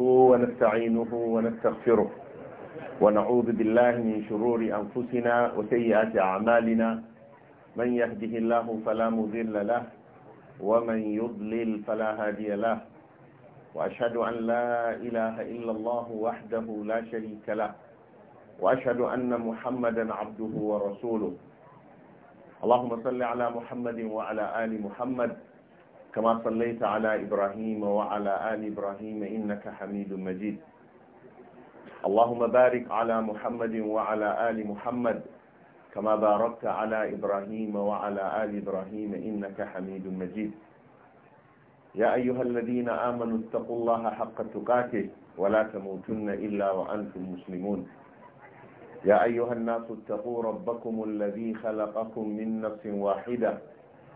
ونستعينه ونستغفره ونعوذ بالله من شرور أنفسنا وسيئات أعمالنا من يهده الله فلا مضل له ومن يضلل فلا هادي له وأشهد أن لا إله إلا الله وحده لا شريك له وأشهد أن محمدا عبده ورسوله اللهم صل على محمد وعلى آل محمد كما صليت على إبراهيم وعلى آل إبراهيم إنك حميد مجيد اللهم بارك على محمد وعلى آل محمد كما باركت على إبراهيم وعلى آل إبراهيم إنك حميد مجيد يا أيها الذين آمنوا اتقوا الله حق تقاته ولا تموتن إلا وأنتم مسلمون يا أيها الناس اتقوا ربكم الذي خلقكم من نفس واحدة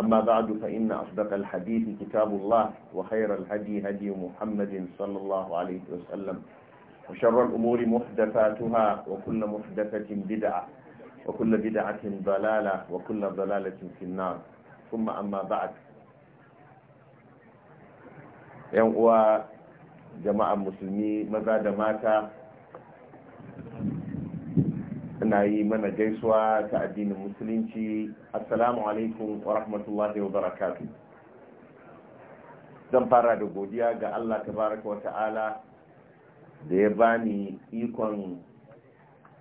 أما بعد فإن أصدق الحديث كتاب الله وخير الهدي هدي محمد صلى الله عليه وسلم وشر الأمور محدثاتها وكل محدثة بدعة وكل بدعة ضلالة وكل ضلالة في النار ثم أما بعد يوم جماعة مسلمي ماذا دماتا muna yi mana gaisuwa ta addinin musulunci assalamu alaikum wa rahmatullahi wa barakatu zan fara da godiya ga allah tabaraka wa ta'ala da ya bani ikon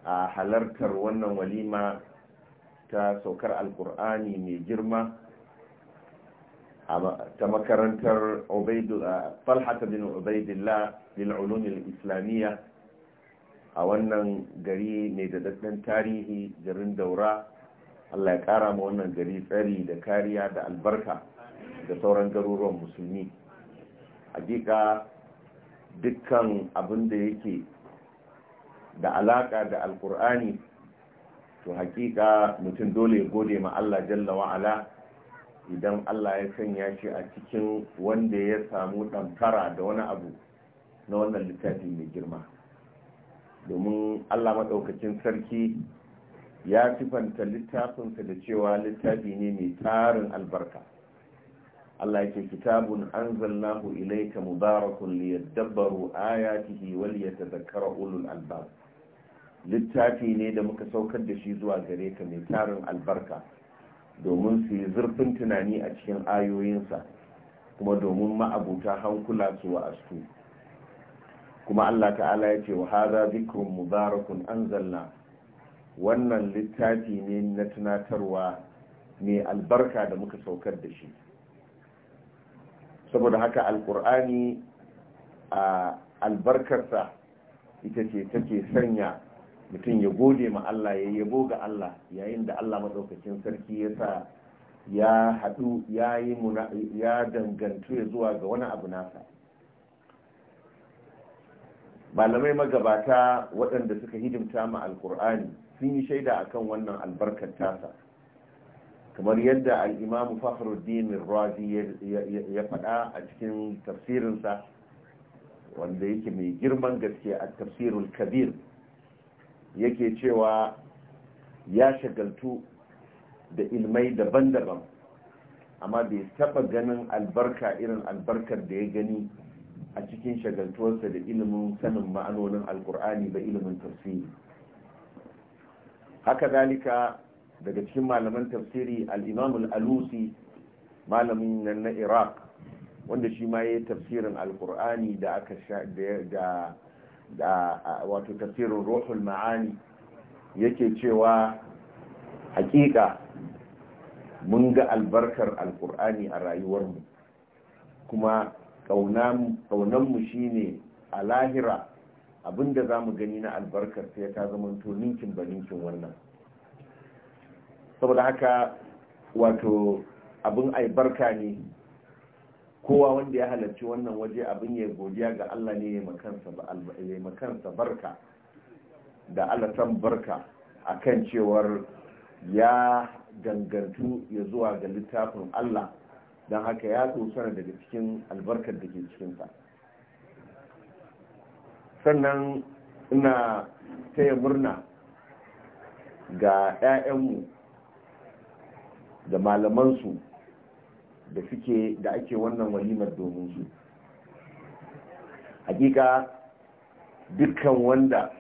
a halartar wannan walima ta saukar alkur'ani mai girma ta makarantar falhata bin ubaidillah lil ulumil islamiyya a wannan gari ne da daɗaɗɗen tarihi garin daura allah ya ƙara ma wannan gari tsari da kariya da albarka da sauran garuruwan musulmi hakika dukkan abin da yake da alaƙa da alƙur'ani to hakika mutum dole ya gode ma allah jalla wa'ala idan allah ya sanya shi a cikin wanda ya samu ɗamfara da wani abu na wannan littafi mai girma domin allah maɗaukacin sarki ya sifanta littafinsa da cewa littafi ne mai tarin albarka allah yake kitabun anzalnahu ilayka mubarakun liyadabbaru ayatihi wal yatadhakkara ulul albab littafi ne da muka saukar da shi zuwa gare ka mai tarin albarka domin su yi zurfin tunani a cikin ayoyinsa kuma domin ma'abuta hankula su wa'astu kuma Allah ta'ala ya ce wa hadha dhikrun mubarakun anzalna wannan littafi ne na tunatarwa ne albarka da muka saukar da shi saboda haka alkur'ani a albarkarsa ita ce take sanya mutum ya gode ma Allah ya yabo ga Allah yayin da Allah maɗaukakin sarki ya sa ya haɗu ya dangantu ya zuwa ga wani abu nasa malamai magabata waɗanda suka hidimta ma Alƙur'ani sun yi shaida a kan wannan albarkar tasa kamar yadda al'imamu fakhruddin razi ya faɗa a cikin tafsirinsa wanda yake mai girman gaske a tafsirul kabir yake cewa ya shagaltu da ilmai daban-daban amma bai taɓa ganin albarka irin albarkar da ya gani a cikin shagaltuwarsa da ilimin sanin ma'anonin alkur'ani da ilimin tafsiri haka dalika daga cikin malaman tafsiri al-imam al-alusi malamin nan na iraq wanda shi ma ya yi tafsirin alkur'ani da aka da da wato tafsirin ruhul ma'ani yake cewa hakika mun ga albarkar alkur'ani a rayuwarmu kuma ƙaunanmu mu shine a lahira abinda za mu gani na albarkar sai ta zama to ninkin ba ninkin wannan saboda haka wato abin albarka ne kowa wanda ya halarci wannan waje abin ya godiya ga Allah ne ya makansa barka da san barka akan cewar ya gangantu ya zuwa ga littafin Allah don haka ya tsotsara daga cikin albarkar da ke cikinsa sannan ina taya murna ga 'ya'yanmu da malamansu da suke da ake wannan walimar domin su hakika dukkan wanda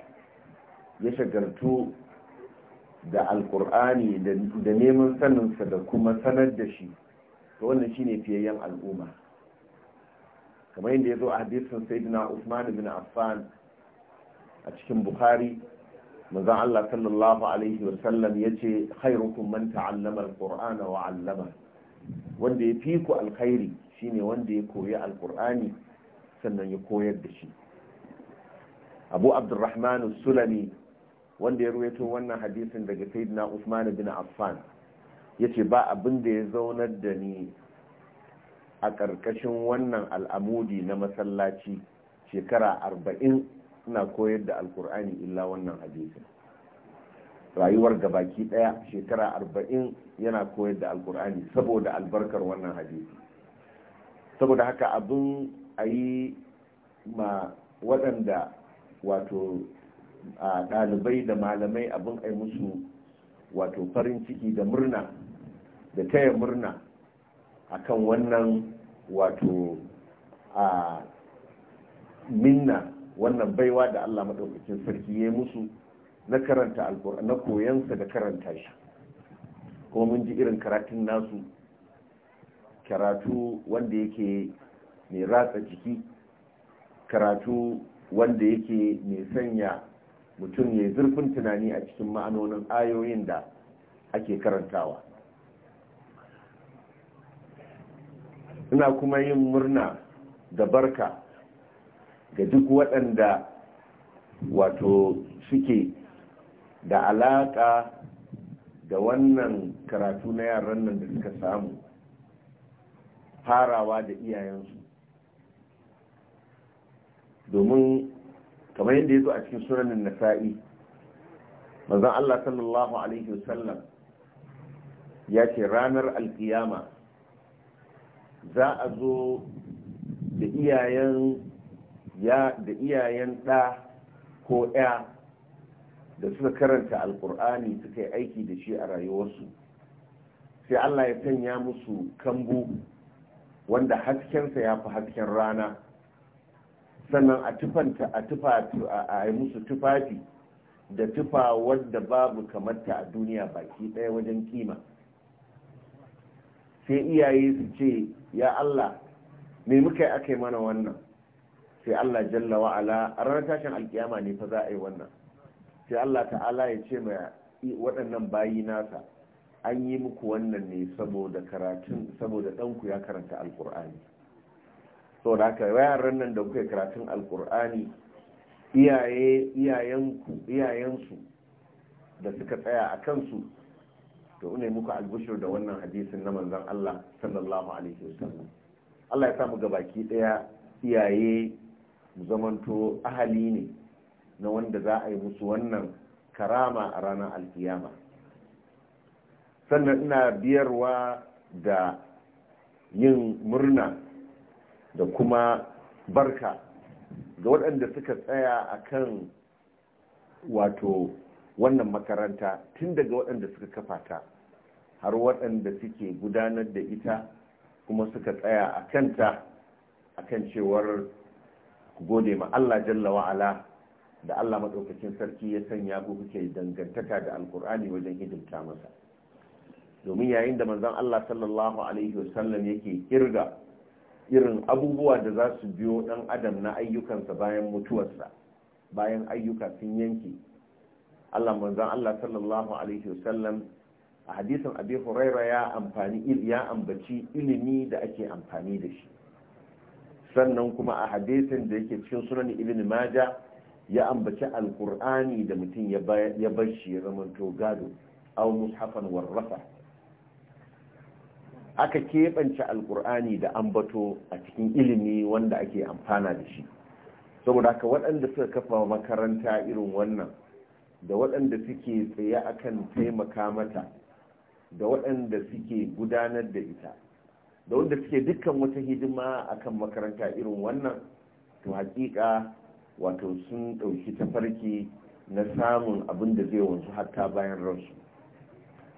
ya shagartu da alkur'ani da neman saninsa da kuma sanar da shi ga wannan shine fiyayyen al'umma kamar yadda ya zo a hadisin sayyidina Usman ibn Affan a cikin Bukhari manzon Allah sallallahu alaihi wa sallam yace khairukum man ta'allama al-Qur'ana wa 'allama wanda ya fi ku alkhairi shine wanda ya koyi alkur'ani sannan ya koyar da shi abu abdurrahman sulami wanda ya ruwaito wannan hadisin daga sayyidina usman bin affan ya ce ba abin da ya zaunar da ni a ƙarƙashin wannan al'amudi na masallaci shekara arba'in suna koyar da alkur'ani illa wannan hadisin rayuwar gabaki ɗaya shekara arba'in yana koyar da alkur'ani saboda albarkar wannan hadisi saboda haka abin a yi ma waɗanda wato ɗalibai da malamai abin a yi musu wato farin ciki da murna da taya murna a kan wannan wato a minna wannan baiwa da Allah maɗaukakin sarki ya musu na karanta alkur'ani na koyansa da karanta shi kuma mun ji irin karatun nasu karatu wanda yake mai ratsa jiki karatu wanda yake mai sanya mutum ya zurfin tunani a cikin ma'anonin ayoyin da ake karantawa ina kuma yin murna da barka ga duk waɗanda wato suke da alaƙa da wannan karatu na yaran nan da suka samu farawa da iyayensu domin kamar yadda ya zo a cikin sunanin nasa'i mazan Allah sallallahu Alaihi wasallam ya ce ranar alkiyama za a zo da iyayen ya iyayen ɗa ko ya da suka karanta alkur'ani suka yi aiki da shi a rayuwarsu sai allah ya sanya musu kambu wanda haskensa ya fi hasken rana sannan a tufanta a tufa a yi musu tufafi da tufa wadda babu kamarta a duniya baki ɗaya wajen kima sai iyaye su ce ya Allah me muka yi aka yi mana wannan sai Allah jalla wa'ala a ranar tashin alkiyama ne fa za a yi wannan sai Allah ta'ala ya ce ma waɗannan bayi nasa an yi muku wannan ne saboda karatun saboda ɗanku ya karanta alkur'ani so da haka yaran nan da kuka karatun alkur'ani iyaye iyayensu da suka tsaya a kansu to ne muku albushir da wannan hadisin na manzon Allah sallallahu alaihi wasallam Allah ya samu gabaki daya iyaye mu zamanto ahali ne na wanda za a yi musu wannan karama a ranar alkiyama sannan ina biyarwa da yin murna da kuma barka ga waɗanda suka tsaya akan wato wannan makaranta tun daga waɗanda suka kafa ta har waɗanda suke gudanar da ita kuma suka tsaya a kanta a kan cewar gode ma Allah jalla wa'ala da Allah maɗaukacin sarki ya sanya ku kuke dangantaka da alkur'ani wajen hidimta masa domin yayin da manzon Allah sallallahu alaihi wasallam yake kirga irin abubuwa da za su biyo ɗan adam na ayyukansa bayan mutuwarsa bayan ayyuka sun yanke Allah manzon Allah sallallahu alaihi wasallam a hadisin Abi Huraira ya amfani ya ambaci ilimi da ake amfani da shi sannan kuma a hadisin da yake cikin sunan Ibn Majah ya ambaci alkur'ani da mutum ya bar shi ya zamanto gado aw mushafan warrafa aka keɓance alkur'ani da ambato a cikin ilimi wanda ake amfana da shi saboda haka waɗanda suka kafa makaranta irin wannan da waɗanda suke tsaye akan taimaka mata da waɗanda suke gudanar da ita da wanda suke dukkan wata hidima akan makaranta irin wannan to hakika wato sun ɗauki tafarki na samun abin da zai wanzu hatta bayan ransu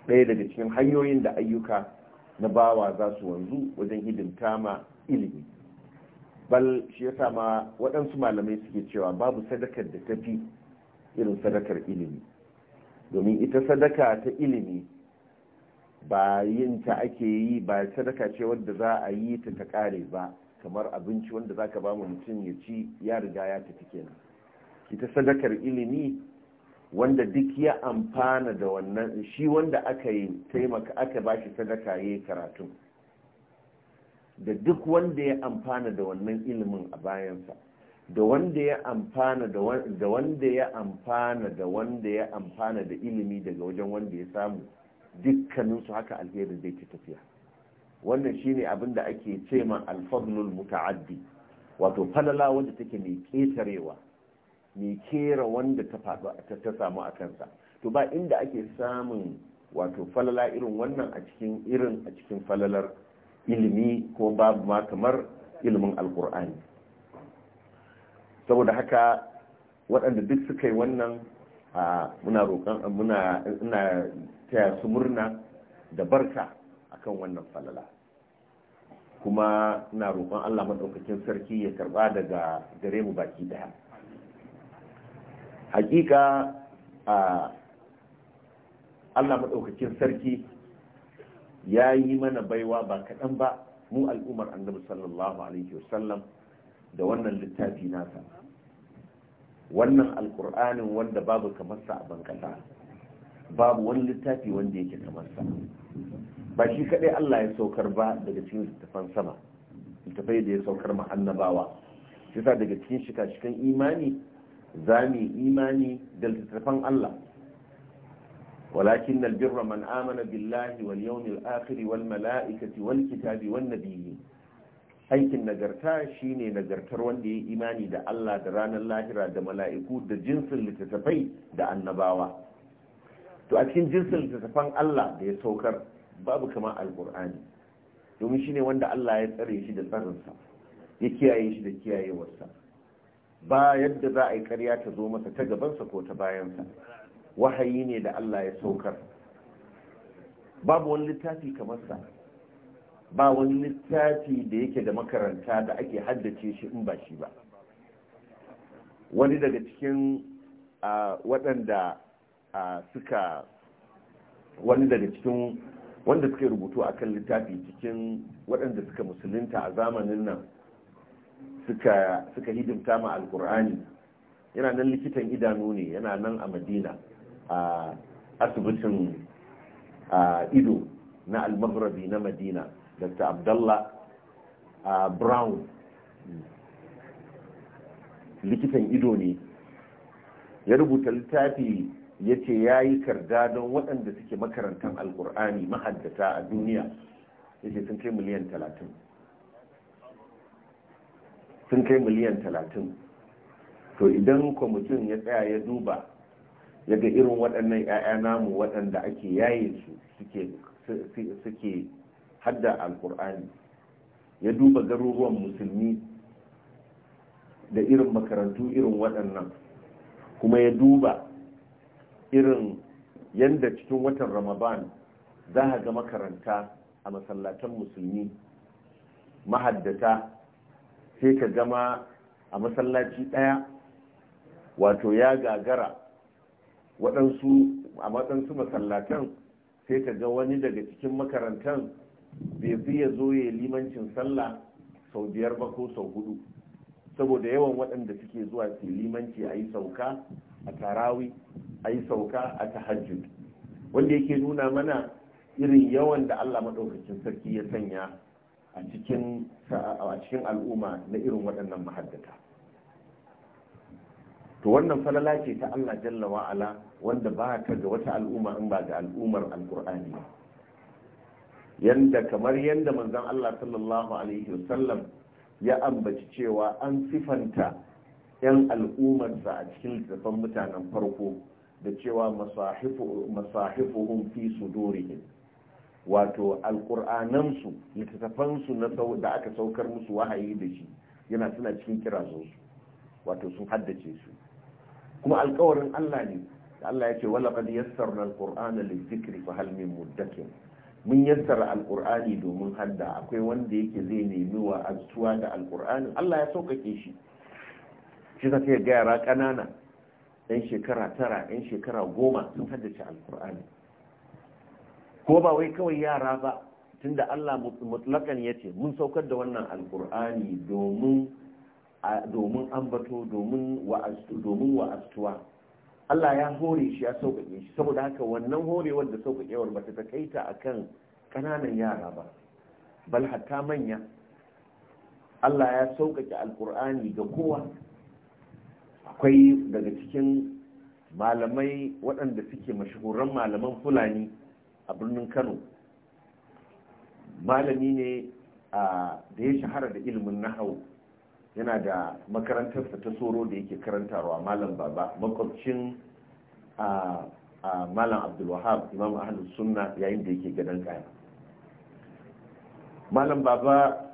ɗaya daga cikin hanyoyin da ayyuka na bawa za su wanzu wajen hidimta ma ilimi bal shi ya ma waɗansu malamai suke cewa babu sadakar da tafi irin sadakar ilimi domin ita sadaka ta ilimi ba yin ta ake yi ba sadaka ce wadda za a yi ta ta kare ba kamar abinci wanda za ka ba mu mutum ya ci ya riga ya tafi kenan ita sadakar ilimi wanda duk ya amfana da wannan shi wanda aka yi taimaka aka ba shi sadaka ya yi karatu da duk wanda ya amfana da wannan ilimin a bayansa da wanda ya amfana da wanda ya amfana da wanda ya amfana da ilimi daga wajen wanda ya samu dukkaninsu haka alherin zai ci tafiya wannan shine abin da ake ce ma alfadlul muta'addi wato falala wanda take mai ketarewa mai kera wanda ta faɗo ta samu a kansa to ba inda ake samun wato falala irin wannan a cikin irin a cikin falalar ilimi ko babu ma kamar ilimin alkur'ani saboda haka waɗanda duk suka yi wannan muna roƙon muna ina taya su murna da barka akan wannan falala kuma ina roƙon Allah maɗaukakin sarki ya karɓa daga gare mu baki ɗaya hakika Allah maɗaukakin sarki ya yi mana baiwa ba kaɗan ba mu al'ummar annabi sallallahu alaihi wasallam da wannan littafi nasa wannan alkur'anin wanda babu kamar sa a bankasa babu wani littafi wanda yake kamar ba shi kaɗai Allah ya saukar ba daga cikin littafan sama littafai da ya saukar ma annabawa shi daga cikin shika-shikan imani zami imani da littafan Allah ولكن البر من آمن بالله واليوم الآخر kitabi والكتاب والنبيين aikin nagarta shine nagartar wanda ya imani da Allah da ranar lahira da mala'iku da jinsin littattafai da annabawa to a cikin jinsin littattafan Allah da ya saukar babu kama alkur'ani domin shine wanda Allah ya tsare shi da tsarinsa ya kiyaye shi da kiyayewarsa ba yadda za a yi karya ta zo masa ta gabansa ko ta bayansa wahayi ne da Allah ya saukar babu wani littafi kamar sa ba wani littafi da yake da makaranta da ake haddace shi in ba shi ba wani daga cikin waɗanda suka wani daga cikin wanda suka rubutu a kan littafi cikin waɗanda suka musulunta a zamanin nan suka hidimta ma alkur'ani yana nan likitan idanu ne yana nan a madina a asibitin ido na almagrabi na madina dr abdallah uh, brown likitan ido ne ya rubuta littafi ya ce ya yi karda don waɗanda suke makarantar alkur'ani mahaddata a duniya ya ce sun kai miliyan talatin sun kai miliyan talatin to idan kwamitin ya tsaya ya duba ya irin waɗannan 'ya'ya namu waɗanda ake yaye su suke hadda alkur'ani ya duba garuruwan musulmi da irin makarantu irin waɗannan kuma ya duba irin yadda cikin watan ramadan za a ga makaranta a masallatan musulmi mahaddata sai ka gama a masallaci ɗaya wato ya gagara waɗansu a matsansu masallatan sai ka ga wani daga cikin makarantan bai fi ya zo ya limancin sallah sau biyar ba ko sau hudu saboda yawan waɗanda suke zuwa su limanci a yi sauka a tarawi a yi sauka a tahajjud wanda yake nuna mana irin yawan da allah maɗaukacin sarki ya sanya a cikin al'umma na irin waɗannan mahaddata to wannan falala ce ta allah jalla wa'ala wanda ba ka ga wata al'umma in ba ga al'ummar al'ur'ani yadda kamar yadda manzon Allah sallallahu alaihi wasallam ya ambaci cewa an sifanta yan al'ummarsa a cikin littattafan mutanen farko da cewa masahifuhum fi sudurihim wato alƙur'anansu littattafansu na da aka saukar musu wahayi da shi yana suna cikin kirazonsu wato sun haddace su kuma alkawarin Allah ne da Allah ya ce wala qad yassarna alqur'ana lizikri fa hal min muddakir mun yassara alkur'ani domin hadda akwai wanda yake zai nemi wa azuwa da alkur'ani Allah ya sauƙaƙe shi shi za ta ga yara ƙanana yan shekara tara yan shekara goma sun haddace alkur'ani ko ba wai kawai yara ba tunda Allah mutlakan ya ce mun saukar da wannan alkur'ani domin domin ambato domin wa'astuwa Allah ya hore shi ya sauƙaƙe shi saboda haka wannan horewar da sauƙaƙewar ba ta ta a kan ƙananan yara ba bal hatta manya Allah ya sauƙaƙe alƙur'ani ga kowa akwai daga cikin malamai waɗanda suke mashahuran malaman fulani a birnin kano malami ne ah, da ya shahara da ilimin nahawu yana da makarantarsa ta soro da yake karantarwa malam baba makwabcin a malam abdulwahab imam ahalus sunna yayin da yake gadon kaya malam baba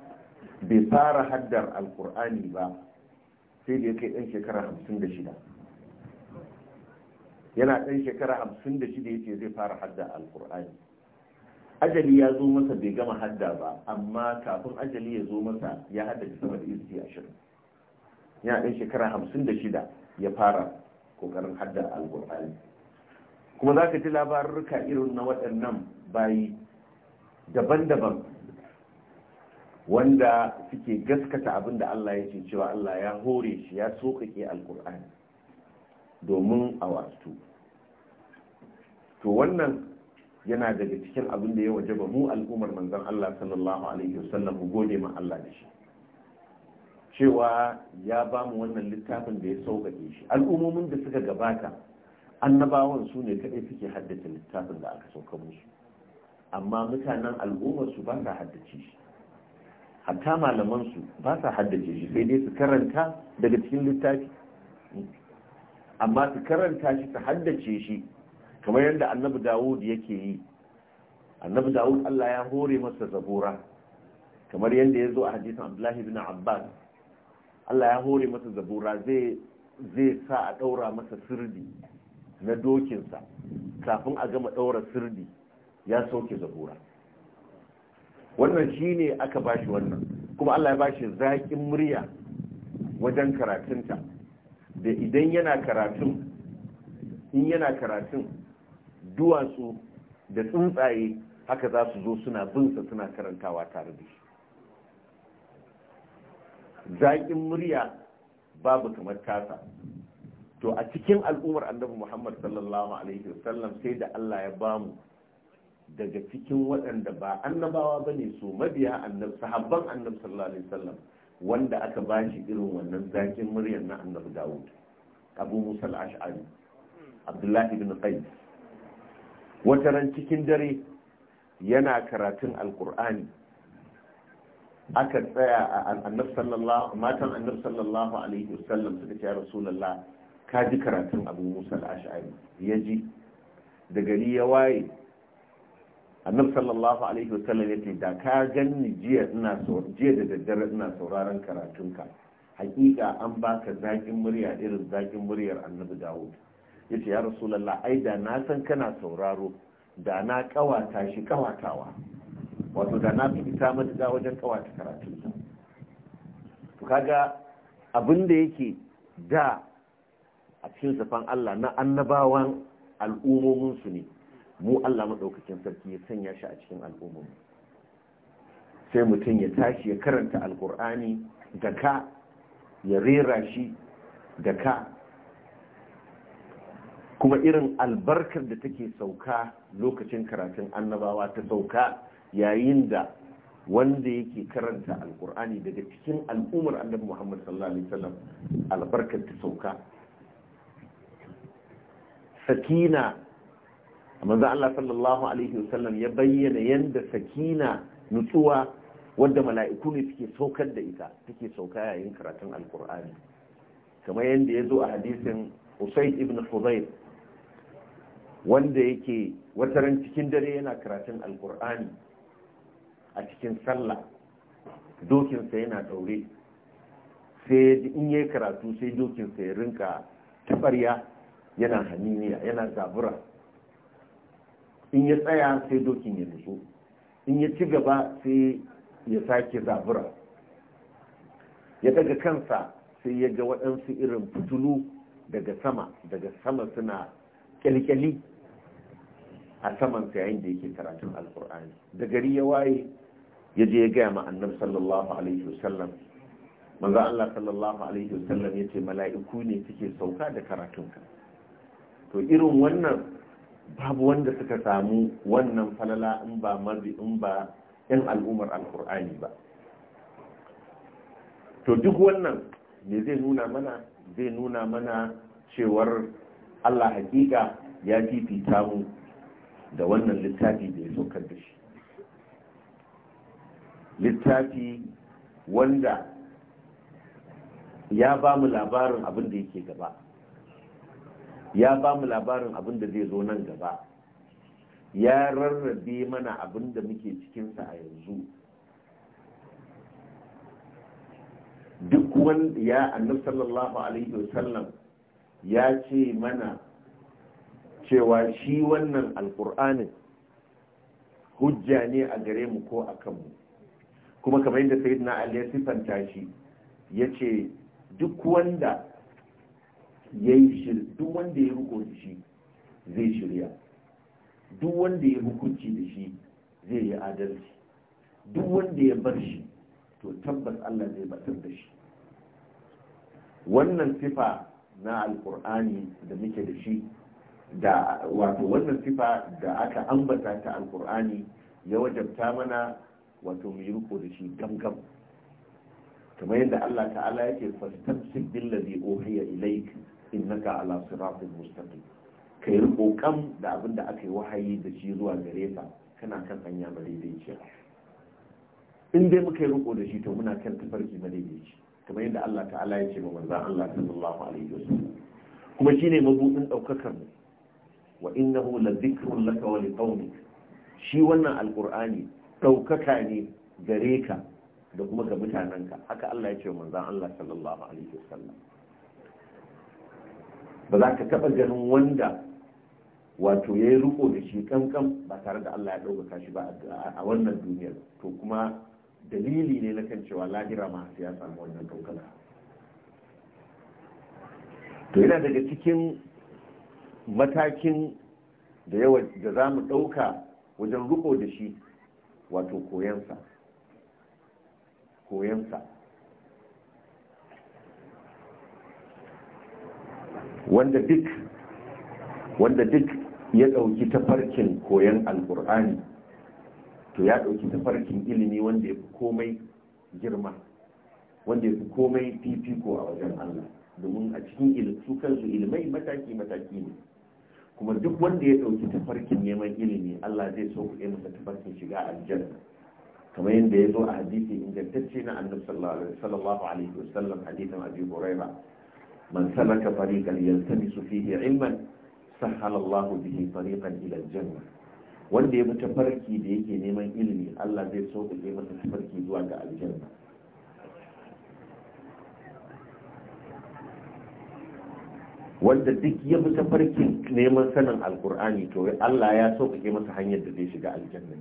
bai fara haddar alkur'ani ba sai da ya kai ɗan shekara hamsin da shida yana ɗan shekara hamsin da shida ya ce zai fara haddar alkur'ani ajali ya zo masa bai gama hadda ba amma kafin ajali ya zo masa ya da sama da iski ashirin ya ɗan shekara hamsin da shida ya fara ƙoƙarin hadda alƙur'ani kuma za ka ji labarurka irin na waɗannan bayi daban-daban wanda suke gaskata abin da Allah ya ce cewa Allah ya hore shi ya sokake alƙur'ani domin a wasu to wannan yana daga cikin abin da ya waje ba mu al'ummar manzon Allah sallallahu alaihi wasallam mu gode ma Allah da shi cewa ya ba mu wannan littafin da ya sauƙaƙe shi al'ummomin da suka gabata annabawan su ne kaɗai suke haddace littafin da aka sauka musu amma mutanen al'ummar su ba sa haddace shi hatta malaman su ba sa haddace shi sai dai su karanta daga cikin littafi amma su karanta shi su haddace shi kamar yadda annabi dawud yake yi annabi dawud allah ya hore masa zabura kamar yadda ya zo a hadisin abdullahi bin abbas allah ya hore masa zabura zai sa a ɗaura masa sirdi na dokinsa kafin a gama ɗaura sirdi ya sauke zabura wannan shi ne aka bashi wannan kuma allah ya bashi zaƙin murya wajen karatunta da idan yana karatun in yana karatun duwatsu da tsuntsaye haka za su zo suna binsa suna karantawa tare da shi zaƙin murya babu kamar tasa to a cikin al'ummar annabi muhammad sallallahu alaihi wasallam sai da allah ya bamu daga cikin waɗanda ba annabawa ba ne su mabiya annab sahabban annab sallallahu alaihi wasallam wanda aka ba shi irin wannan zaƙin muryar na annabi dawud abu musa al abdullahi ibn qais wata ran cikin dare yana karatun alkur'ani aka tsaya a matan annabi sallallahu alaihi wasallam suka ce rasulullah ka ji karatun abu musa al-ash'ari ya ji da gari ya waye annabi sallallahu alaihi wasallam ya ce da ka ganni jiya ina jiya da daddare ina sauraron karatunka hakika an baka zakin murya irin zakin muryar annabi dawud ya ce ya rasu rasulallah ai da na san kana sauraro da na kawata shi kawatawa wato da na fi fita madada wajen kawata karatun to kaga abin da yake da a cikin zafan Allah na annabawan al'ummominsu ne mu Allah maɗaukacin sarki ya sanya shi a cikin al'ummomi sai mutum ya tashi ya karanta alkur'ani da ka ya rera shi da ka kuma irin albarkar da take sauka lokacin karatun annabawa ta sauka yayin da wanda yake karanta alkur'ani daga cikin al'ummar annabi muhammad sallallahu alaihi wasallam albarkar ta sauka sakina manzo Allah sallallahu alaihi wasallam ya bayyana yanda sakina nutsuwa wadda mala'iku ne suke saukar da ita take sauka yayin karatun alkur'ani kamar yadda ya zo a hadisin usaid ibn hudayr wanda yake wataran cikin dare yana karatun alkur'ani a cikin sallah dokinsa yana daure sai in yi karatu sai dokinsa ya rinka tabarya yana haniniya yana zabura in ya tsaya sai dokin ya nutsu in ya ci gaba sai ya sake zabura ya daga kansa sai ya ga waɗansu irin fitulu daga sama daga sama suna kyalkyali a saman sa yayin da yake karatun alkur'ani da gari ya waye ya je ya gaya ma annabi sallallahu alaihi wasallam manzo Allah sallallahu alaihi wasallam yace mala'iku ne suke sauka da karatunka to irin wannan babu wanda suka samu wannan falala in ba marzi in ba yan al'ummar alkur'ani ba to duk wannan me zai nuna mana zai nuna mana cewar allah hakika ya fifita mu da wannan littafi da ya saukar da shi littafi wanda ya ba mu labarin abin da yake gaba ya ba mu labarin abin da zai zo nan gaba ya rarrabe mana abin da muke cikinsa a yanzu duk wanda ya annabi sallallahu alaihi wasallam ya ce mana cewa shi wannan alkur'anin hujja ne a gare mu ko a kanmu kuma kamar yadda sai na ya sifanta shi ya ce duk wanda ya yi duk wanda ya hukunci da shi zai shirya duk wanda ya hukunci da shi zai yi adalci duk wanda ya bar shi to tabbas allah zai batar da shi wannan sifa na alkur'ani da muke da shi da wato wannan sifa da aka ambata ta alkur'ani ya wajabta mana wato mu yi riko da shi gamgam kamar yadda Allah ta'ala yake fastamsik ladhi uhiya ilayk innaka ala siratin mustaqim kai riko kam da abin da aka yi wahayi da shi zuwa gare ka kana kan hanya madaidaiciya in dai muka yi riko da shi to muna kan tafarki madaidaici kamar yadda Allah ta'ala ya ce ma manzon Allah sallallahu alaihi wasallam kuma shine mabudin daukakar mu wa innahu la dhikrun laka wa liqaumik shi wannan alqur'ani daukaka ne gare ka da kuma ga ka. haka Allah ya ce manzon Allah sallallahu alaihi wasallam ba za ka taba ganin wanda wato ya yi riko da shi kankan ba tare da Allah ya ɗaukaka shi ba a wannan duniyar to kuma dalili ne na kan cewa lahira ma sai ya samu wannan ɗaukaka to yana daga cikin matakin da yawa da za mu ɗauka wajen riko da shi wato koyansa koyansa wanda duk wanda duk ya ɗauki tafarkin koyan alkur'ani to ya ɗauki tafarkin ilimi wanda ya fi komai girma wanda ya fi komai fifiko a wajen allah domin a cikin su kansu ilimai mataki-mataki ne kuma duk wanda ya ɗauki tafarkin neman ilimi Allah zai so kuɗe masa tafarkin shiga aljanna kamar yadda ya zo a hadisi ingantacce na annabi sallallahu alaihi wasallam hadisin abi huraira man salaka fariqan yaltamisu fihi ilman sahala Allah bihi fariqan ila aljanna wanda ya bi tafarki da yake neman ilimi Allah zai so kuɗe masa tafarki zuwa ga aljanna wanda duk ya bi tafarkin neman sanin alkur'ani to Allah ya sauƙaƙe masa hanyar da zai shiga aljanna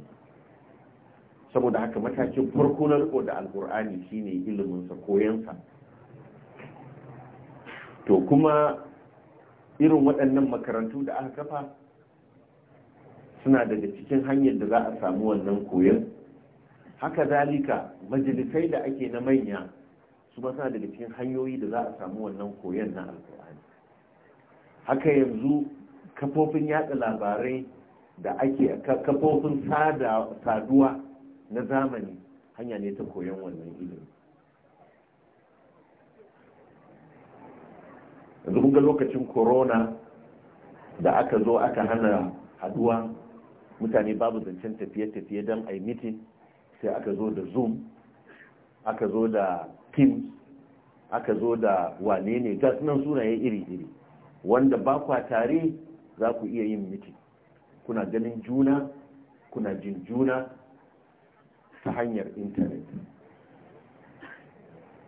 saboda haka matakin farko na riko da alkur'ani shine ilimin sa koyansa to kuma irin waɗannan makarantu da aka kafa suna daga cikin hanyar da za a samu wannan koyon haka zalika majalisai da ake na manya su suna daga cikin hanyoyi da za a samu wannan koyon na alkur'ani haka yanzu kafofin yada labarai da ake kafofin saduwa na zamani hanya ne ta koyon wannan ilimi yanzu kunga lokacin corona da aka zo aka hana haduwa mutane babu zancen tafiye-tafiye don a yi mitin sai aka zo da zoom aka zo da teams aka zo da wane ne nan sunaye iri-iri wanda ba kwa tare za ku iya yin miti kuna ganin juna kuna jin juna ta hanyar intanet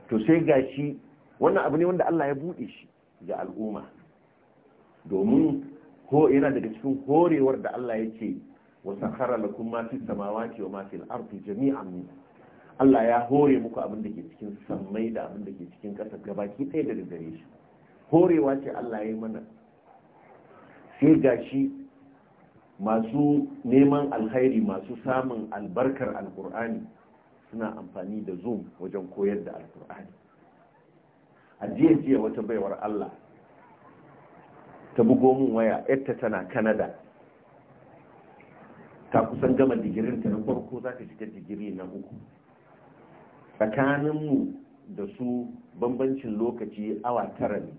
to sai ga shi wannan abu ne wanda Allah ya buɗe shi ga al'umma domin ko yana daga cikin horewar da Allah ya ce wa sakhara kun ma samawa, samawati wa ma fil jami'an min Allah ya hore muku abin da ke cikin sammai da abin da ke cikin ƙasa gabaki ɗaya daga gare shi horewa ce Allah ya yi mana sai gashi masu neman alkhairi masu samun albarkar alkur'ani suna amfani da zoom wajen koyar da alkur'ani a jiya wata baiwar Allah ta bugo mun waya yadda tana Kanada ta kusan gama digirinta na farko za ta shiga digiri na uku tsakaninmu da su bambancin lokaci awa tara ne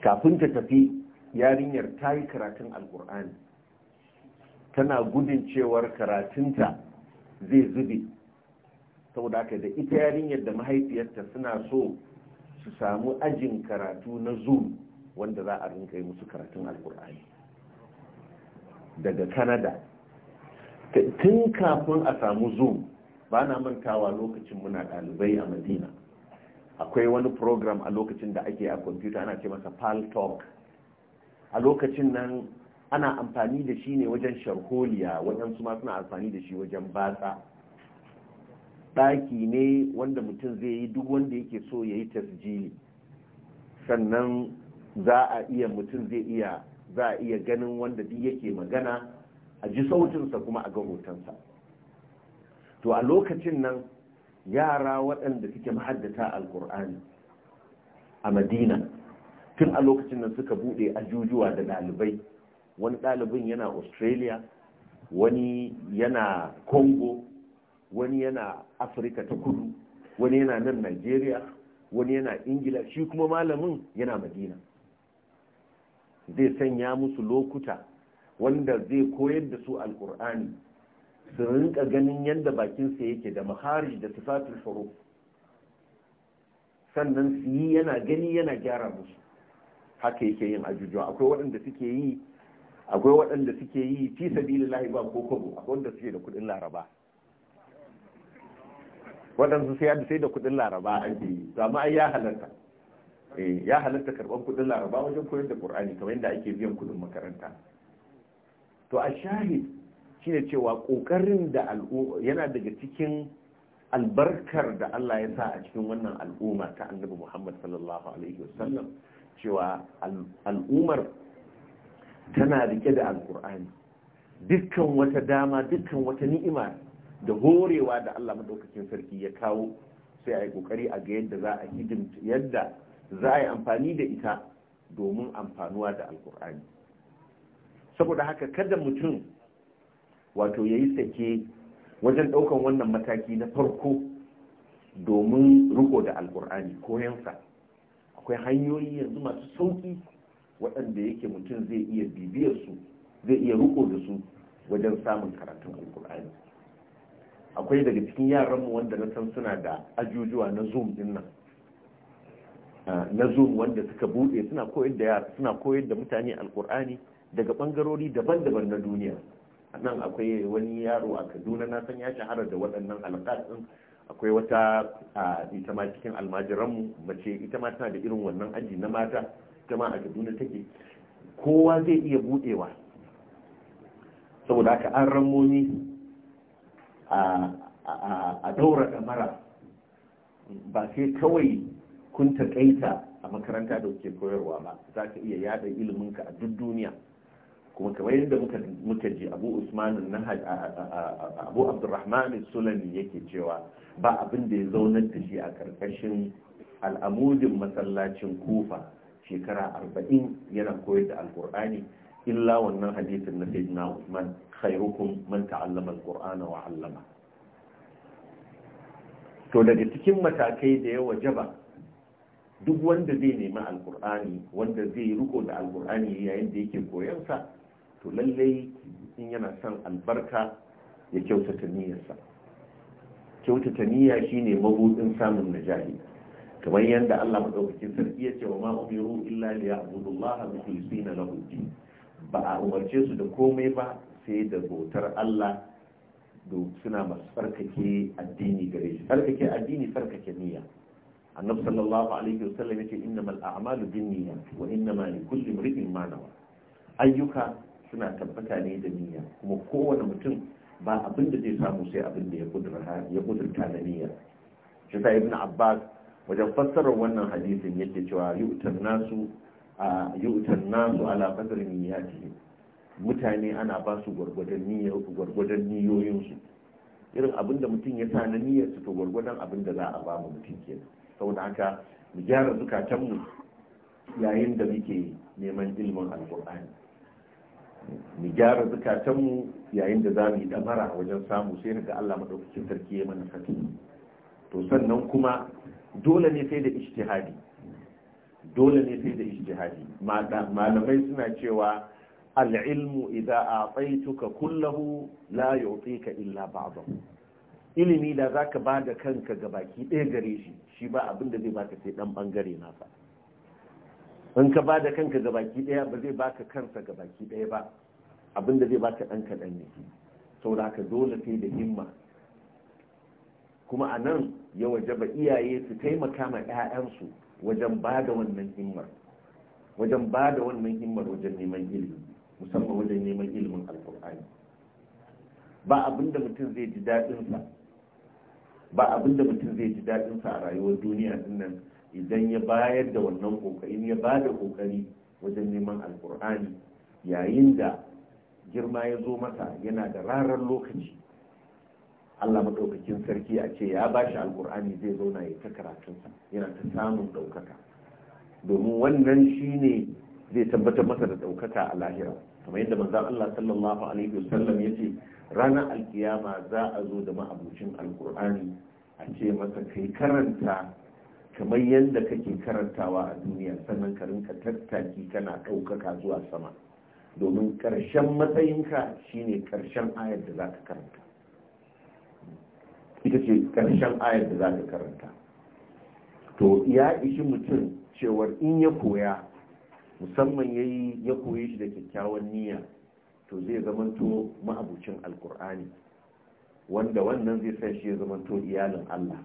kafin ta tafi yarinyar ta yi karatun alkur'ani tana gudun cewar karatunta zai zube saboda aka da ita yarinyar da mahaifiyarta suna so su samu ajin karatu na zoom wanda za a rinka yi musu karatun alkur'ani daga canada tun kafin a samu zoom ba na mantawa lokacin muna ɗalibai a madina akwai wani program a lokacin da ake a kwamfuta ana ce masa talk a lokacin nan ana amfani da shi ne wajen sharholiya waɗansu ma suna amfani da shi wajen batsa ɗaki ne wanda mutum zai yi duk wanda yake so ya yi tasjili sannan za a iya mutum zai iya za a iya ganin wanda duk yake magana a ji sautinsa kuma a ga hotonsa to a lokacin nan yara waɗanda suke mahaddata alkur'ani a madina tun a lokacin nan suka buɗe ajujuwa da ɗalibai wani ɗalibin yana australia wani yana congo wani yana afirka ta kudu wani yana nan nigeria wani yana ingila shi kuma malamin yana madina zai sanya musu lokuta wanda zai koyar da su alkur'ani su rinka ganin yadda bakinsa yake da maharij da tufafin furu sannan su yi yana gani yana gyara musu haka yake yin ajujuwa akwai waɗanda suke yi akwai waɗanda suke yi fi lahi ba ko kogo akwai wanda suke da kuɗin laraba waɗansu sai sai da kuɗin laraba ake yi to amma ya halatta eh, ya halatta karɓar kuɗin laraba wajen koyar da ƙur'ani kamar yadda ake biyan kuɗin makaranta to a shahid shine cewa kokarin da al'umma yana daga cikin albarkar da Allah ya sa a cikin wannan al'umma ta annabi Muhammad sallallahu alaihi wasallam cewa al'ummar tana rike da alkur'ani dukkan wata dama dukkan wata ni'ima da horewa da Allah madaukakin sarki ya kawo sai a yi kokari a ga yadda za a hidimta yadda za a yi amfani da ita domin amfanuwa da alkur'ani saboda haka kada mutum wato yayi yi sake wajen ɗaukan wannan mataki na farko domin riko da alkur'ani koyansa akwai hanyoyi yanzu masu sauƙi waɗanda yake mutum zai iya bibiyar su zai iya riko da su wajen samun karatun alkur'ani akwai daga cikin yaranmu wanda na san suna da ajujuwa na zoom din nan na zoom wanda suka bude suna koyar da mutane alkur'ani daga ɓangarori daban-daban na duniya nan akwai wani yaro a kaduna na san ya shahara da waɗannan alƙas akwai wata ita ma cikin almajiranmu mace ita ma tana da irin wannan aji na mata ita ma a kaduna take kowa zai iya buɗewa saboda aka an ramoni a daura ɗamara ba sai kawai kun taƙaita a makaranta da kuke koyarwa ba za ka iya yada iliminka a duk duniya kuma kamar yadda muka ji abu usman abu abdurrahman sulami yake cewa ba abin da ya zaunar da shi a karkashin al'amudin masallacin kufa shekara arba'in yana koyar da alkur'ani illa wannan hadisin na sayyidina usman khairukum man ta'allama alqur'ana wa 'allama to daga cikin matakai da ya wajaba duk wanda zai nemi alkur'ani wanda zai riko da alkur'ani yayin da yake koyansa to lallai in yana son albarka ya kyautata niyyarsa kyautata niyya shine mabudin samun najahi kamar yadda Allah madaukakin sarki ya ce wa ma umiru illa liya'budullaha mukhlisina lahu din ba a umarce su da komai ba sai da bautar Allah suna masu tsarkake addini gare shi tsarkake addini tsarkake niyya annabi sallallahu alaihi wasallam yace innamal a'malu binniyat wa innamal likulli imrin ma nawa ayyuka suna tabbata ne da niyya kuma kowane mutum ba abin da zai samu sai abin da ya kudurta na niyya shi sa ibn abbas wajen fassarar wannan hadisin yake cewa yu'tan nasu a yu'tan nasu ala mutane ana ba su gwargwadon niyoyinsu irin abin da mutum ya sa na niyyar su to gwargwadon abin da za a ba mu mutum ke saboda haka mu gyara zukatanmu yayin da muke neman ilimin alqur'ani mu gyara zukatanmu yayin da za mu yi damara wajen samu sai ga Allah maɗaukacin sarki ya mana sarki. to sannan kuma dole ne sai da ijtihadi dole ne sai da ijtihadi malamai suna cewa al'ilmu idza a'taituka kullahu la ka illa ba'dahu ilimi da ba da kanka ga baki ɗaya gare shi shi ba abin da zai baka sai dan bangare nasa in ka ba da kanka ga baki daya ba zai baka kansa ga baki daya ba abinda zai baka dan kaɗan ne saboda ka dole sai da himma kuma a nan ya waje ba iyaye su taimaka ma 'ya'yansu wajen ba da wannan himmar wajen ba da wannan himmar wajen neman ilimi musamman wajen neman ilimin alkur'ani ba abinda mutum zai ji daɗinsa ba abinda mutum zai ji daɗinsa a rayuwar duniya din nan idan ya bayar da wannan kokari ya ba da kokari wajen neman alkur'ani yayin da girma ya zo masa yana da rarar lokaci allah maɗaukakin sarki a ce ya ba shi alkur'ani zai zauna ya ta karatunsa yana ta samun ɗaukaka domin wannan shi ne zai tabbatar masa da ɗaukaka a lahira kamar yadda manzan allah sallallahu alaihi wasallam ya ce ranar alkiyama za a zo da ma'abucin alkur'ani a ce masa kai karanta kamar yadda kake karantawa a duniya sannan ka rinka tattaki kana ɗaukaka zuwa sama domin ƙarshen matsayinka shine ƙarshen ayar da za ka karanta ita ce ƙarshen ayar da za ka karanta to ya ishi mutum cewar in ya koya musamman ya yi ya koye shi da kyakkyawan niyya to zai zamanto ma'abucin alkur'ani wanda wannan zai sa shi ya zamanto iyalin allah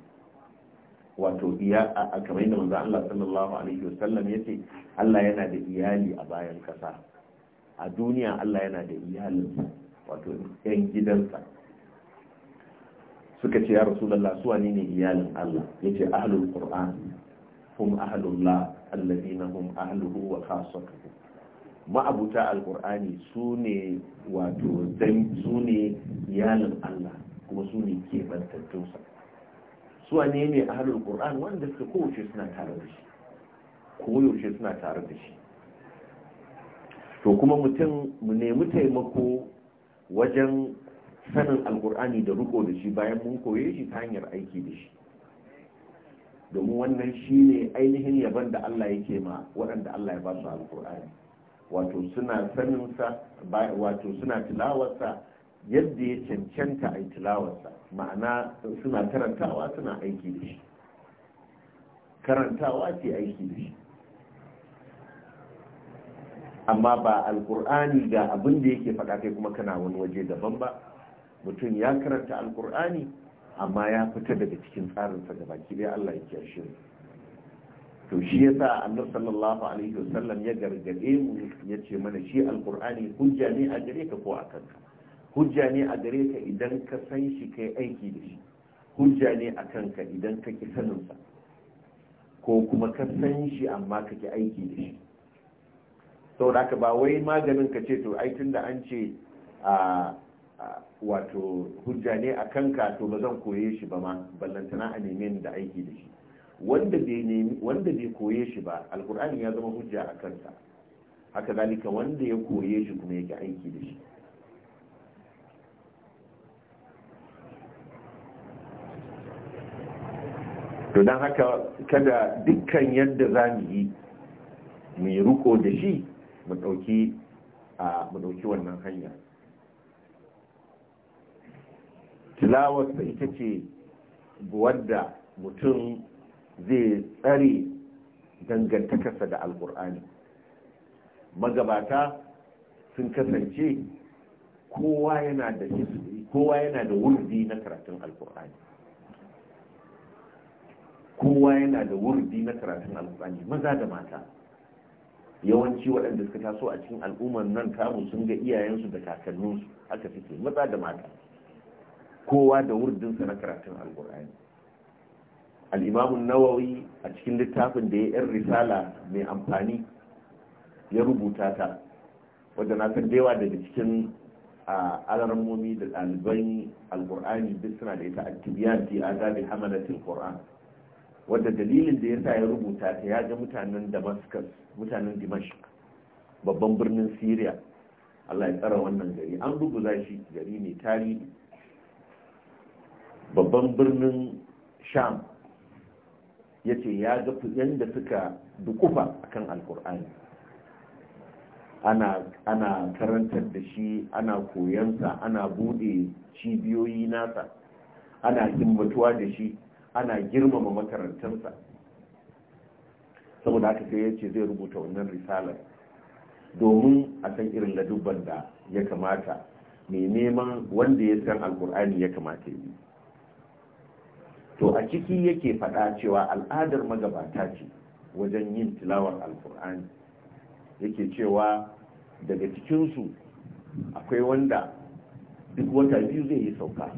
wato iya a kamar yadda manzo Allah sallallahu alaihi wasallam yace Allah yana da iyali a bayan kasa a duniya Allah yana da iyalin wato yan gidansa suka ce ya rasulullah su wane ne iyalin Allah yace ahlul qur'an hum ahlullah alladhina hum ahluhu wa khassatuhu ma'abuta alqur'ani su ne wato dan su ne iyalin Allah kuma su ne ke bantattunsa. su ne ne halin qur'an wanda suka kowace suna tare da shi kowace suna tare da shi to kuma mutum mu nemi taimako wajen sanin alkur'ani da riko da shi bayan mun koye shi ta hanyar aiki da shi domin wannan shi ne ainihin yaban da Allah yake ma waɗanda Allah ya ba su alkur'ani wato suna saninsa wato suna tilawarsa yadda ya cancanta a tilawarsa ma'ana suna karantawa suna aiki da shi karantawa ce aiki da shi amma ba alkur'ani ga abin da yake faɗa kai kuma kana wani waje daban ba mutum ya karanta alkur'ani amma ya fita daga cikin tsarinsa ga baki dai Allah ya kyashe shi to shi ya a annabi sallallahu alaihi wasallam ya gargade mu ya ce mana shi alkur'ani hujja ne a gare ka ko a kanka hujja ne a gare ka idan ka san shi kai aiki da shi hujja ne a kanka idan ka ki saninsa ko kuma ka san shi amma ka ki aiki da shi sau da ka ba wai maganin ka ce to aikin da an ce a wato hujja ne a kanka to ba zan koye shi ba ma ballantana a neme ni da aiki da shi wanda bai koye shi ba alkur'ani ya zama hujja a kansa haka zalika wanda ya koye shi kuma yake aiki da shi to don haka kada dukkan yadda za mu yi mu yi ruko da shi mu ɗauki wannan hanya tilawarsa ita ce wadda mutum zai tsare dangantakarsa da alkur'ani magabata sun kasance kowa yana da wurdi na karatun alkur'ani kowa yana da wurdi na karatun alkur'ani maza da mata yawanci waɗanda suka taso a cikin al'ummar nan kamu sun ga iyayensu da kakanninsu haka suke maza da mata kowa da wurdinsa na karatun alkur'ani al'imamun nawawi a cikin littafin da ya yan risala mai amfani ya rubuta ta wadda na san yawa daga cikin alarmomi da ɗaliban alkur'ani duk suna da ita a tibiyan fi azabi hamalatin qur'an wadda dalilin da ya sa ya rubuta ta ya ga mutanen damascus mutanen dimashq babban birnin syria allah ya tsara wannan gari an rubuta shi gari mai tarihi babban birnin sham ya ce ya ga yadda suka dukufa akan alkur'ani ana, ana karantar da shi ana koyansa ana bude cibiyoyi nasa ana himmatuwa da shi ana girmama makarantarsa saboda haka sai ya ce zai rubuta wannan risalar domin a san irin ladubban da ya kamata mai neman wanda ya san alkur'ani ya kamata yi to a ciki yake faɗa cewa al'adar magabata ce wajen yin tilawar alkur'ani yake cewa daga cikinsu akwai wanda duk wata biyu zai yi sauka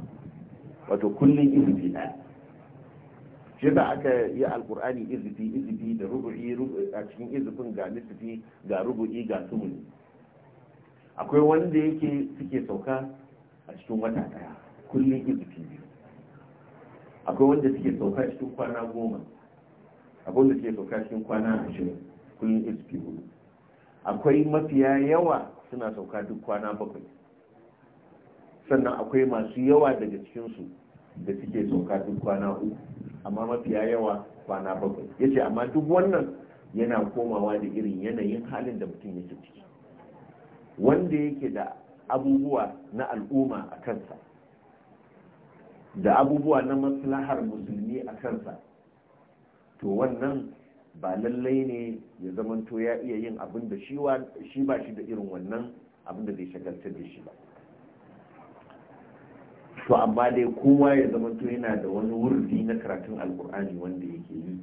wato kullum izifi ɗaya shi da aka yi alkur'ani izifi izifi da rubu'i a cikin izifin ga nisifi ga rubu'i ga sumuni akwai wanda yake suke sauka a cikin wata daya kullum izifi biyu akwai wanda suke sauka cikin kwana goma akwai wanda suke sauka cikin kwana ashirin kullum izifi biyu. akwai mafiya yawa suna sauka duk kwana bakwai sannan akwai masu yawa daga cikinsu da suke sauka duk kwana uku amma mafiya yawa kwana bakwai ya ce amma duk wannan yana komawa da irin yanayin halin da mutum yake ciki wanda yake da abubuwa na al'umma a kansa da abubuwa na maslahar musulmi a kansa to wannan ba lallai ne ya zamanto ya iya yin abin da shi ba shi da irin wannan abin da zai shagaltar da shi ba to amma dai kowa ya zama to yana da wani wurdi na karatun alkur'ani wanda yake yi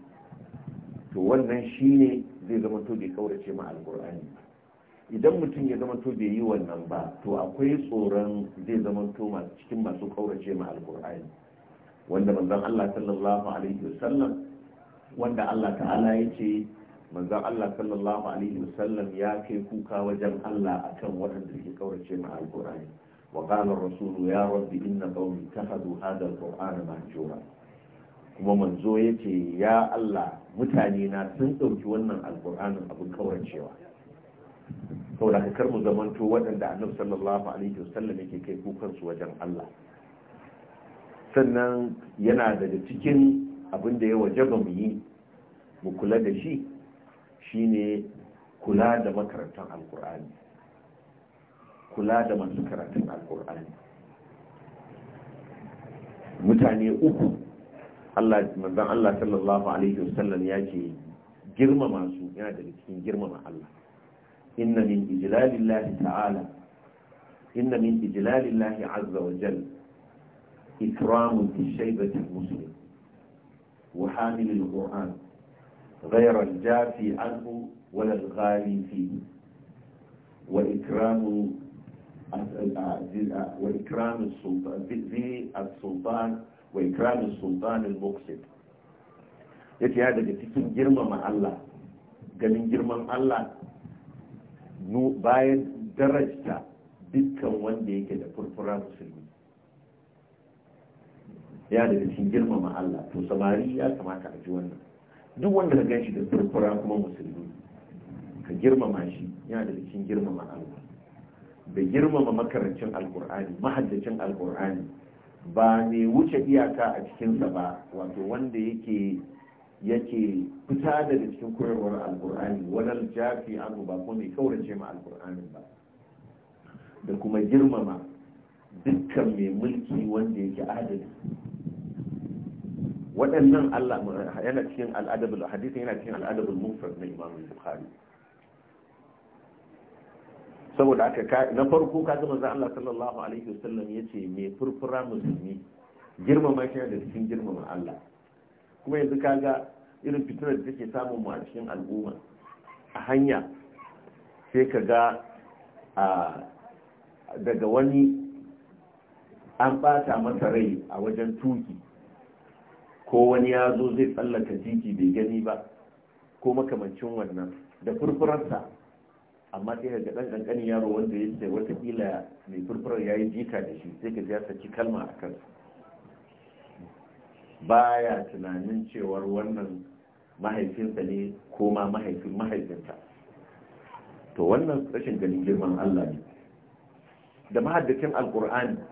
to wannan shi ne zai zama to bai kaurace ma alkur'ani idan mutum ya zama to bai yi wannan ba to akwai tsoron zai zama to cikin masu kaurace ma alkur'ani wanda manzon Allah sallallahu alaihi wasallam wanda Allah ta'ala ya ce manzon Allah sallallahu alaihi wasallam ya kai kuka wajen Allah akan waɗanda suke kaurace ma alkur'ani وقال الرسول يا رب إن قومي اتخذوا هذا القرآن مهجورا kuma manzo ya ce ya Allah mutane na sun ɗauki wannan alƙur'anin abin cewa da ka kar mu zamanto waɗanda annabi sallallahu alaihi wasallam yake kai kukansu wajen Allah sannan yana daga cikin abin da ya ba mu yi mu kula da shi shine kula da makarantar alƙur'ani kula da masu karatun alkur'ani mutane uku Allah manzon Allah sallallahu alaihi wasallam ya ce girmama su yana da cikin girmama Allah inna min ijlalillahi ta'ala inna min ijlalillahi azza wa jalla ikramun fi shaybati muslim wa hamil alquran غير الجافي عنه ولا الغالي wa وإكرام وإكرام السلطان ذي السلطان وإكرام السلطان ya daga cikin girmama Allah ganin girman Allah bayan darajta dukkan wanda yake da furfura musulmi ya daga cikin girmama Allah to samari ya kamata a ji wannan duk wanda ka ganshi da furfura kuma musulmi ka girmama shi yana daga cikin girmama Allah da girmama makarancin alkur'ani mahaddacin alkur'ani ba mai wuce iyaka a cikinsa ba wato wanda yake yake fita daga cikin koyarwar alkur'ani wadal jafi anu ba ko mai kaurace ma alkur'anin ba da kuma girmama dukkan mai mulki wanda yake adali waɗannan Allah yana cikin al'adabul hadisi yana cikin al'adabul mufrad na imamu Bukhari saboda aka na farko ka ga manzo Allah sallallahu alaihi wasallam yace mai furfura musulmi girmama shi da cikin girmama Allah kuma yanzu ka ga irin fitinar da take samun mu a cikin al'umma a hanya sai ka ga daga wani an bata masa rai a wajen tuki ko wani ya zo zai tsallaka jiki bai gani ba ko makamancin wannan da furfurarsa amma sai ka ga dan kankanin yaro wanda ya ce watakila mai furfurar ya yi jika da shi sai ka ya saki kalma a kansa baya tunanin cewar wannan mahaifinsa ne ko ma mahaifin mahaifinta to wannan rashin ganin girman Allah ne da mahaddacin alkur'ani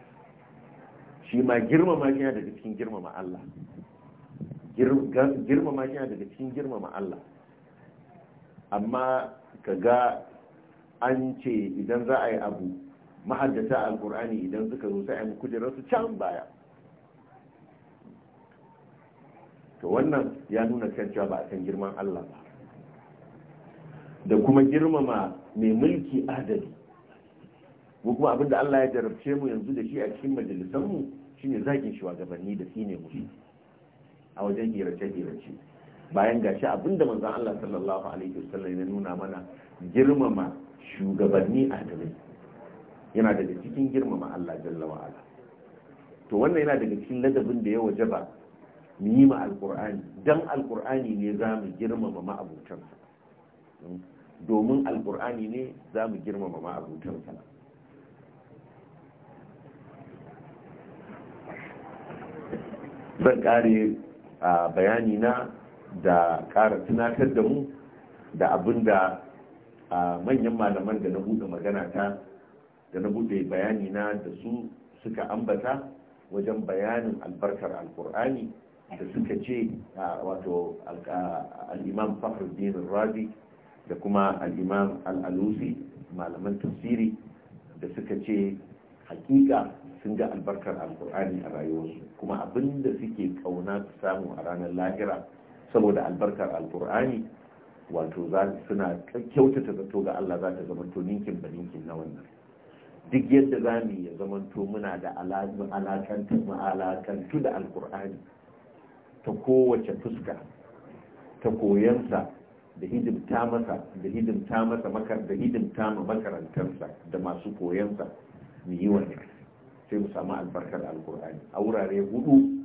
shi ma girmama shi daga cikin girmama Allah girmama shi daga cikin girmama Allah amma ka ga an ce idan za a yi abu mahaddata alkur'ani idan suka zo sai an kujera su can baya to wannan ya nuna kan cewa ba a kan girman Allah ba da kuma girmama mai mulki adali mu kuma abinda Allah ya jarabce mu yanzu da shi a cikin majalisan mu shine zagin shugabanni da tsine mu a wajen hirace hirace bayan gashi abinda manzon Allah sallallahu alaihi wasallam ya nuna mana girmama shugabanni a dare yana daga cikin girmama Allah jalla wa ala to wannan yana daga cikin ladabin da ya wajaba mu yi ma alqur'ani dan alqur'ani ne za mu girmama ma'abutansa domin alqur'ani ne za mu girmama ma'abutansa zan kare bayani na da kara tunatar da mu da abin da a manyan malaman da na buɗe magana ta da na buɗe bayani na da su suka ambata wajen bayanin albarkar alkur'ani da suka ce a wato al'imam fahruddin razi da kuma al'imam al'alusi malaman tafsiri da suka ce hakika sun ga albarkar alkur'ani a rayuwarsu kuma abin da suke kauna su samu a ranar lahira saboda albarkar alkur'ani wato za suna kyautata zato ga Allah za ta zama ninkin ba ninkin na wannan duk yadda za mu ya zamanto muna da alakantu da alkur'ani ta kowace fuska ta koyansa da hidimta masa da hidimta masa makar da hidimta ma makarantarsa da masu koyansa mu yi wani sai mu samu albarkar alkur'ani a wurare hudu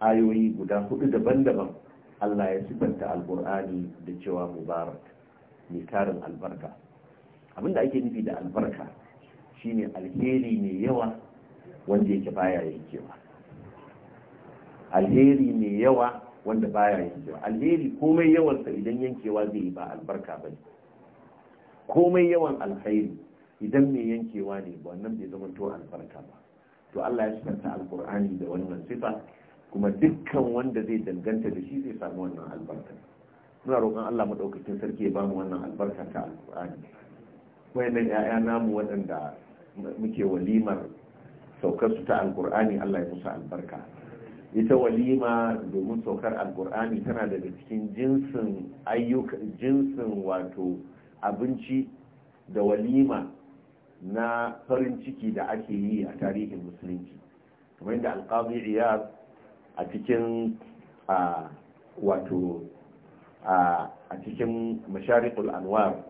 ayoyi guda hudu daban-daban Allah ya sifanta alkur'ani da cewa mubarak mai tarin albarka abinda ake nufi da albarka shine alheri mai yawa wanda yake baya yankewa alheri mai yawa wanda baya yankewa alheri komai yawansa idan yankewa zai yi ba albarka ba ne komai yawan alheri idan mai yankewa ne wannan bai zama to albarka ba to Allah ya sifanta alkur'ani da wannan sifa kuma dukkan wanda zai danganta da shi zai samu wannan albarka muna roƙon Allah maɗaukakin sarki ya bamu wannan albarka ta alƙur'ani wayannan ƴaƴa namu waɗanda muke walimar saukar su ta alƙur'ani Allah ya musu albarka ita walima domin saukar alƙur'ani tana daga cikin jinsin ayyuka jinsin wato abinci da walima na farin ciki da ake yi a tarihin musulunci kamar yadda alƙadi iyad a cikin wato a cikin masharikul anwar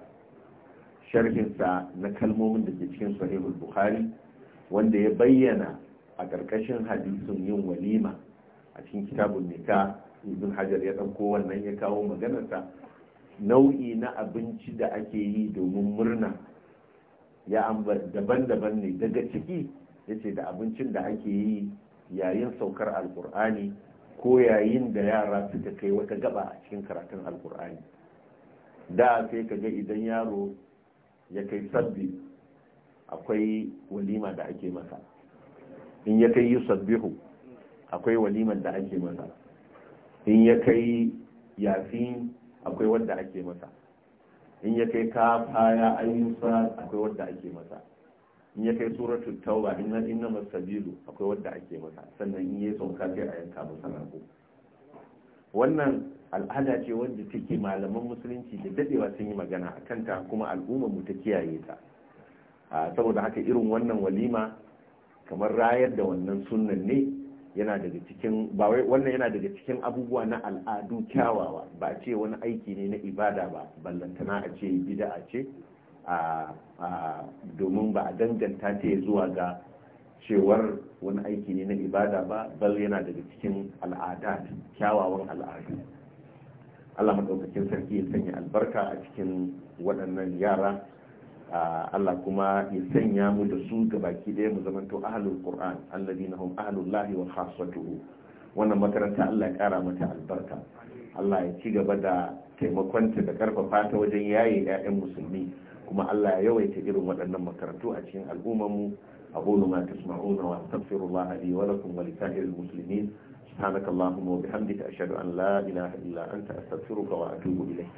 sharhinsa na kalmomin da ke cikin sahihul bukhari wanda ya bayyana a ƙarƙashin hadisin yin walima a cikin kitabun nika ibn hajar ya ɗauko wannan ya kawo maganarsa nau'i na abinci da ake yi domin murna ya daban-daban ne daga ciki ya ce da abincin da ake yi yayin saukar alkur'ani ko yayin da yara suka kai wata gaba a cikin karatun alkur'ani da sai ka ga idan yaro ya kai sabbi akwai walima da ake masa in ya kai yi sabbihu akwai walima da ake masa in ya kai yasin akwai wanda ake masa in ya kai kafa ya ayyusa akwai wanda ake masa in ya kai suratul tauba inna inna masabilu akwai wanda ake masa sannan in yayi son sai a yanka masa rago wannan al'ada ce wanda take malaman musulunci da dadewa sun yi magana a kanta kuma al'ummar mu ta kiyaye ta saboda haka irin wannan walima kamar rayar da wannan sunnan ne yana daga cikin ba wai wannan yana daga cikin abubuwa na al'adu kyawawa ba ce wani aiki ne na ibada ba ballantana a ce bid'a ce domin ba a danganta ta zuwa ga cewar wani aiki ne na ibada ba bal yana daga cikin al'ada kyawawan al'adu Allah maɗaukakin sarki ya sanya albarka a cikin waɗannan yara Allah kuma ya sanya mu da su ga baki ɗaya mu zamanto ahlul qur'an alladina hum lahi wa khassatuhu wannan makaranta Allah ya ƙara mata albarka Allah ya ci gaba da taimakonta da ƙarfafa ta wajen yaye 'ya'yan musulmi kuma Allah ya yawaita irin waɗannan makarantu a cikin al'ummarmu a gudu ma ta suma ona wa tafsiru Allah li wa lakum wa lisa'ir musulmi subhanakallahumma wa bihamdika ashhadu an la ilaha illa anta astaghfiruka wa atubu ilayk